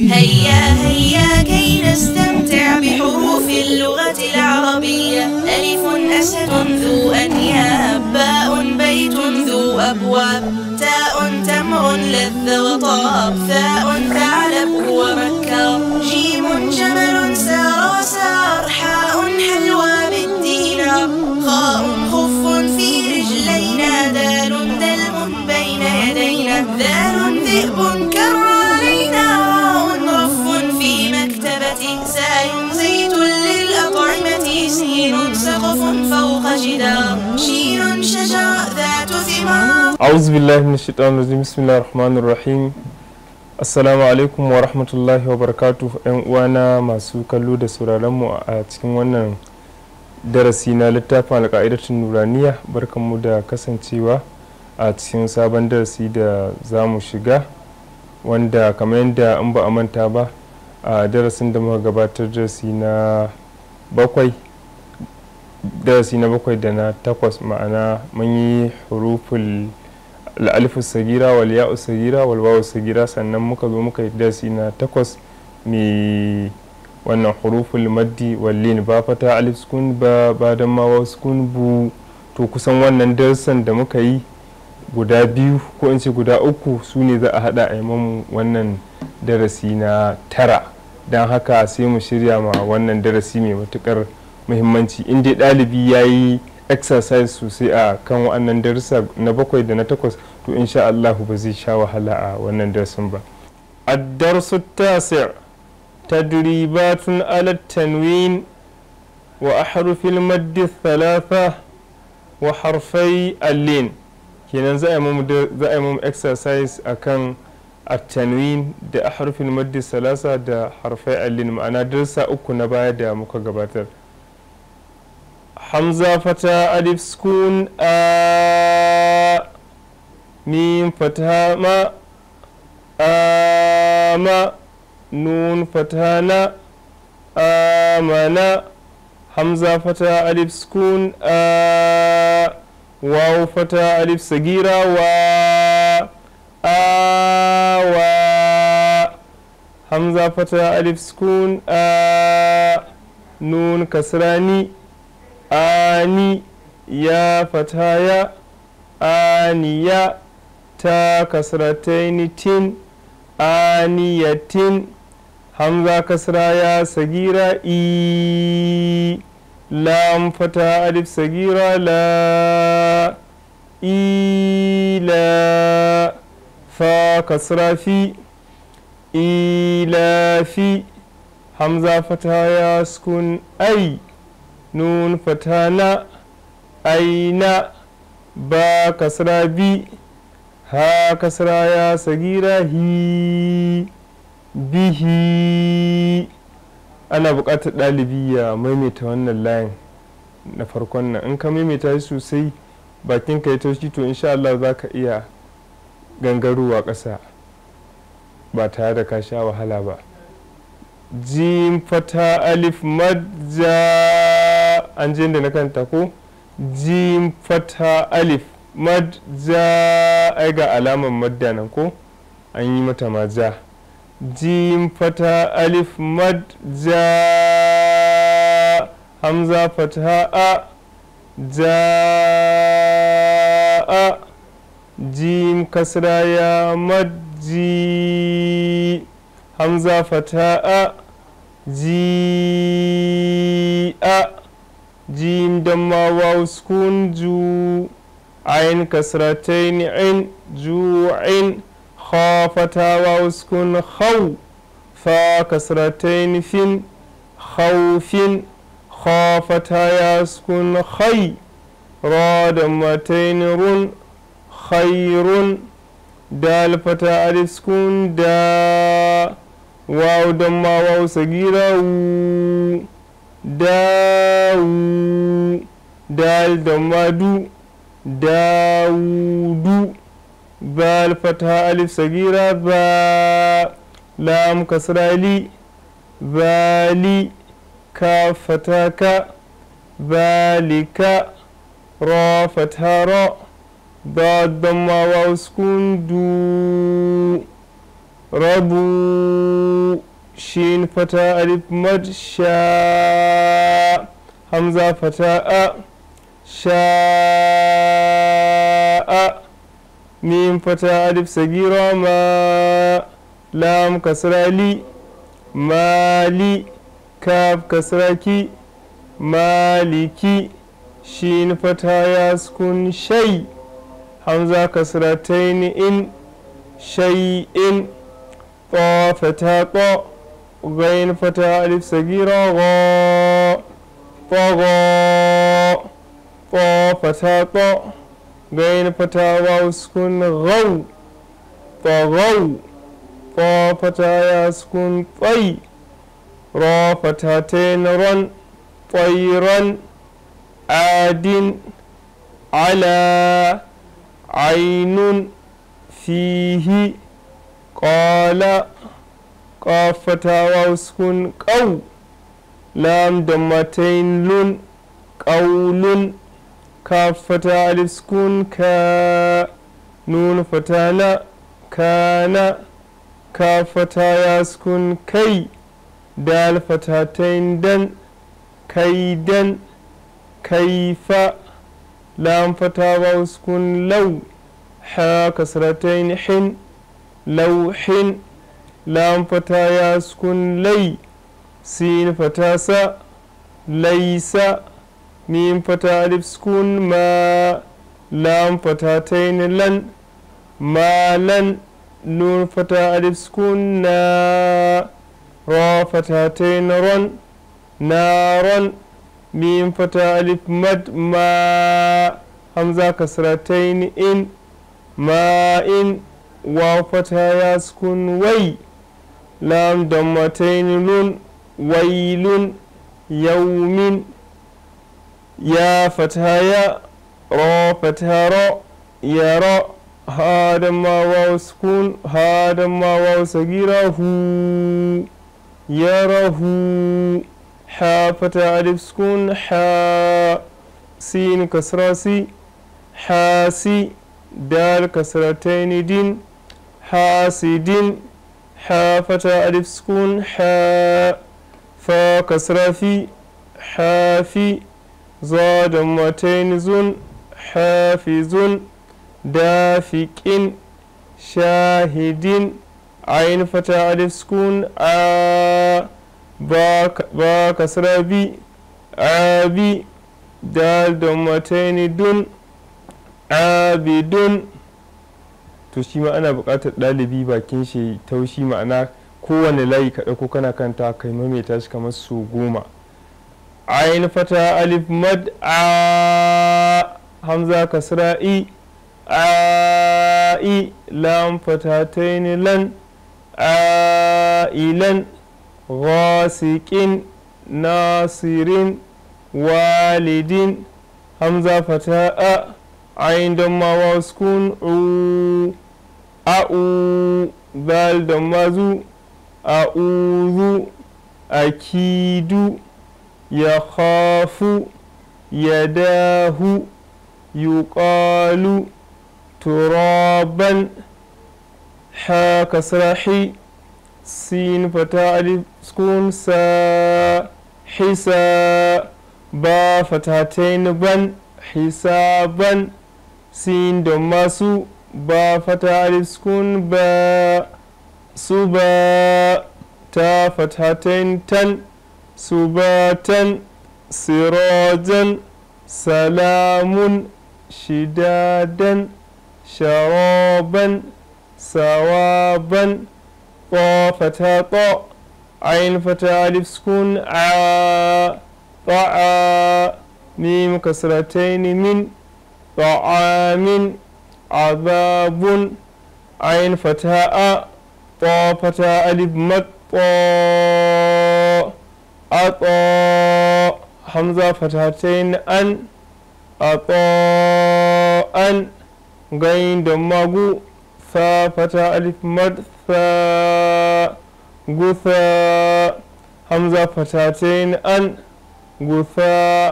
هيا هيا كي نستمتع بحروف اللغة العربية ألف أسد ذو أنياب باء بيت ذو أبواب تاء تمر لذ وطاب ثاء ثعلب ومكار جيم جمل سار وسار حاء حلوى بالدينار خاء خف في رجلينا دال دلم بين يدينا ذال ذئب كرم ماجدا شير شجاع ذات wa rahmatullahi wa barakatu ‘yan uwana masu kallo da saurarenmu a cikin wannan darasi na littafin alka'idatun nuraniya mu da kasancewa a cikin sabon darasi da za mu shiga wanda kamar yadda in ba a manta ba a darasin da muka gabatar darasi na bakwai darasi na bakwai da na takwas ma'ana mun yi hurufin la'alifu sagira wal ya'u sagira wal wawu sagira sannan muka zo muka yi darasi na takwas mai wannan hurufin maddi wallin ba fata alif sukun ba ba don ma wa sukun bu to kusan wannan darasan da muka yi guda biyu ko in ce guda uku su ne za a hada a mamu wannan darasi na tara don haka sai mu shirya ma wannan darasi mai matukar muhimmanci in dai ɗalibi ya yi exercise sosai a kan wa'annan darussa na bakwai da na takwas to insha allahu ba zai sha wahala a wannan darasin ba الدرس التاسع تدريبات wa التنوين وأحرف المد wa harfai allin kenan za a yi mu exercise akan at-tanwin da ahrufin maddi salasa da harfai allin ma'ana darsa uku na baya da muka gabatar hamza fata alif sukun a mim fata ma a ma nun fata na amana hamza fata alif sukun a wawu fata alif sagira wa wa hamza fata alif sukun a nun kasrani ani ya fataya aniya ta kasrataini tin aniyatin hamza kasra ya sagira i lam fata alif sagira la ila fa kasra fi ila fi hamza fata ya sukun ai nun fatana aina ba kasra bi ha kasra ya sagira hi bihi ana buƙatar ɗalibi ya maimaita wannan layin na farkon nan in ka maimaita shi sosai bakin ka yi taushi to insha Allah za ka iya gangarowa ƙasa ba tare da ka sha wahala ba jim fata alif madja an je da na kanta ko jim fata alif mad za ai ga alaman madda nan ko an yi mata ma za jim fata alif mad za hamza fata a ja a jim kasra ya mad ji hamza fata a ji a jim da mawa uskun ju ayin kasratai ni ayin ju ayin khafata wa uskun khau fa kasratai fin khau fin khafata ya uskun ra da matai run khai run da alfata da wa da mawa usagira wu dawu dal da madu dawudu bal fata alif sagira ba lam kasrali bali ka fataka balika ra fataro ba damawa wa rabu shin fata alif mad sha hamza fata a sha'a mim fata alif sagira ma lam kasra li mali kaf kasra ki maliki shin fata ya sukun shai hamza kasratain in in طا fata طا غين فتاة ألف غا غاء غا طا فتاة طا غين فتاة واو سكون غو غو طا فتاة يا سكون طي را فتاتين رن طيرا عاد على عين فيه قال ƙafatawa sun ƙau lam da matain lun ƙaunun ƙafata aliskun ka nun na kana ƙafata ya sun kai da alfatatain dan kai dan kaifa lam fatawa sun lau haka hin lau hin lan fata ya sukun lai sin fata sa laisa min fata alif sukun ma lan fata tain lan ma lan nun fata alif sukun na ra fata tain ron na ron min fata alif mad ma hamza kasratain in ma in wa fata ya sukun wai لام دمتين لون ويل يوم يا فتها يا را فتها را يا را هذا ما واو سكون هذا ما واو صغيرة هو يا را هو حا فتح ألف سكون حا سين كسرة سي حاسي دال كسرتين دين حاسي دين ha fata alif fa kasra fi za da matain zun hafizun dafiƙin shahidin ayin fata alif a ba kasra bi abi dal da matain dun abidun to shi ma ana buƙatar ɗalibi bakin shi taushi ma'ana kowane layi ka ko kana kanta kai maimaita shi kamar su goma ayin fata alif mad a hamza kasra a i lam fata taini lan a ilan ghasiqin nasirin walidin hamza fata a ayin don ma wasu kun a'u dal da mazu a akidu ya khafu ya dahu yuqalu turaban ha kasrahi sin fata alif sukun sa hisa ba fatatain ban hisaban sin da masu با فتح ألف سكون با سبا تا فتحتين تن سباتا سراجا سلام شدادا شرابا ثوابا طا فتح طا عين فتح ألف سكون ع طعا ميم كسرتين من طعام azabun an fata a ƙofa alif mat a ɗo hamza fataten an a ɗo an gani damuwa ku ta fata alif mat ta gu ta hamza fataten an gu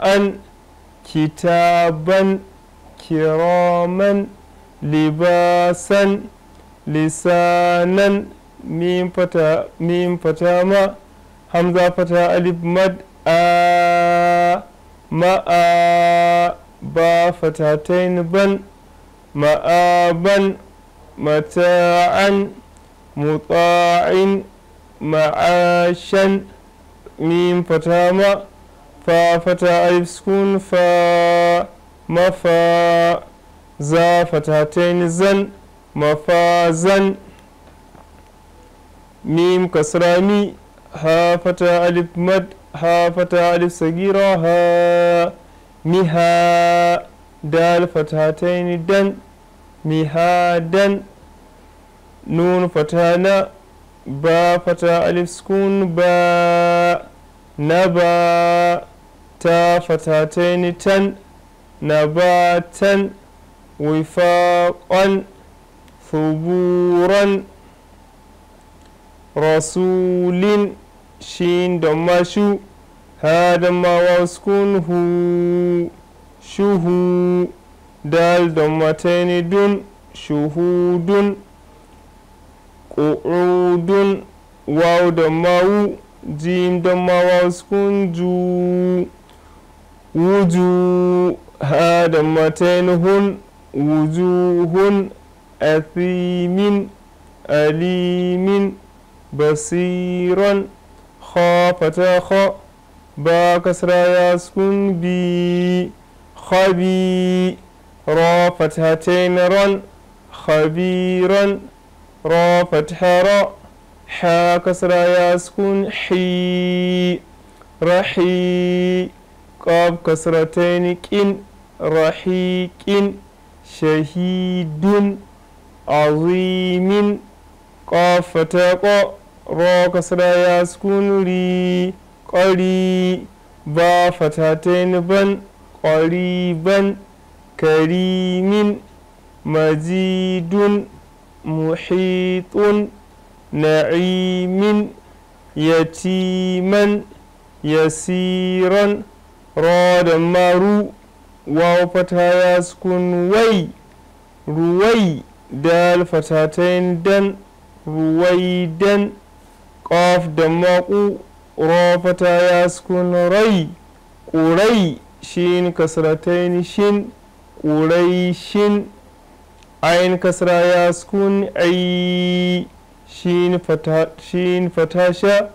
an kitaban kiraman libasan lisanan mim pata mim patama hamza pata alib mad a maa ba fatatain ban maaban mataan mutain maashan mim patama fa fata alib skun fa mafa za fatatain zan mafazan mim kasrami ha fata alif mad ha fata alif sagira ha miha dal fatatain dan dan nun fatana ba fata alif sukun ba na ba ta fatatain tan na ba tan وفاقا ثبورا رسول شين دمشو هذا ما واسكنه شهو دال دمتين دون شهود قعود واو دماو جيم دماو واسكن جو وجو هذا متين هن وجوه أثيم أليم بصيرا خا خ با كسرى ياسكن بي خبي را فتحتين رن خبيرا را فتح را حا كسرى ياسكن حي رحي قاب كسرتين كن رحيك shahidun azimin ƙofata ko roka ya skunuri ƙwari ba fatatain ban ƙwariban karimin majidun muhitun na'imin yatiman yasiran rodan maru waw fata ya sukun wai ruwai dal fatatain dan ruwai dan ƙof da maƙu ro fata ya sukun rai ƙurai shin kasratain shin ƙurai shin ayin kasra ya sukun ai shin fatasha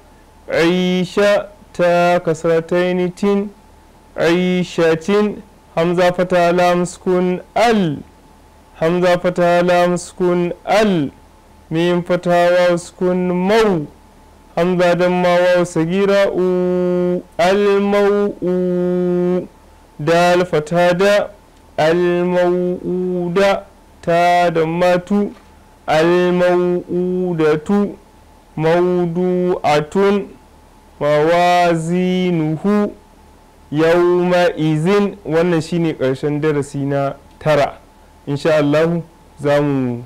aisha ta kasratain tin aishatin tin hamza fata lam sukun al hamza fata lam sukun al mim fata waw sukun mau hamza damma waw sagira u al mau u dal fata da al mau da ta damma tu al mau da tu maudu'atun mawazinuhu yawma izin wannan shine karshen darasi na tara insha Allah za mu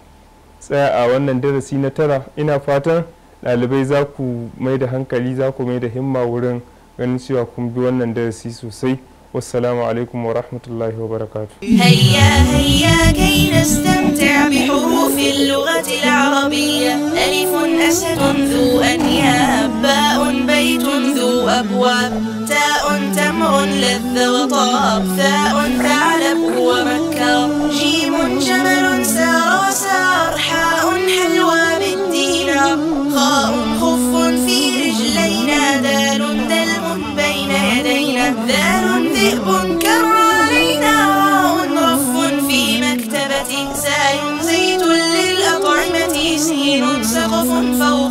tsaya a wannan darasi na tara ina fatan ɗalibai za ku mai da hankali za ku mai da himma wurin ganin cewa kun bi wannan darasi sosai wassalamu alaikum wa rahmatullahi wa barakatu. في اللغة العربية ألف أسد ذو أنياب باء بيت ذو أبواب تاء تمر لذ وطاب ثاء ثعلب ومكار جيم جمل سار وسار حاء حلوى بالدينار خاء خف في رجلينا دال دلم بين يدينا ذال ذئب كرم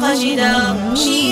I Majidah. She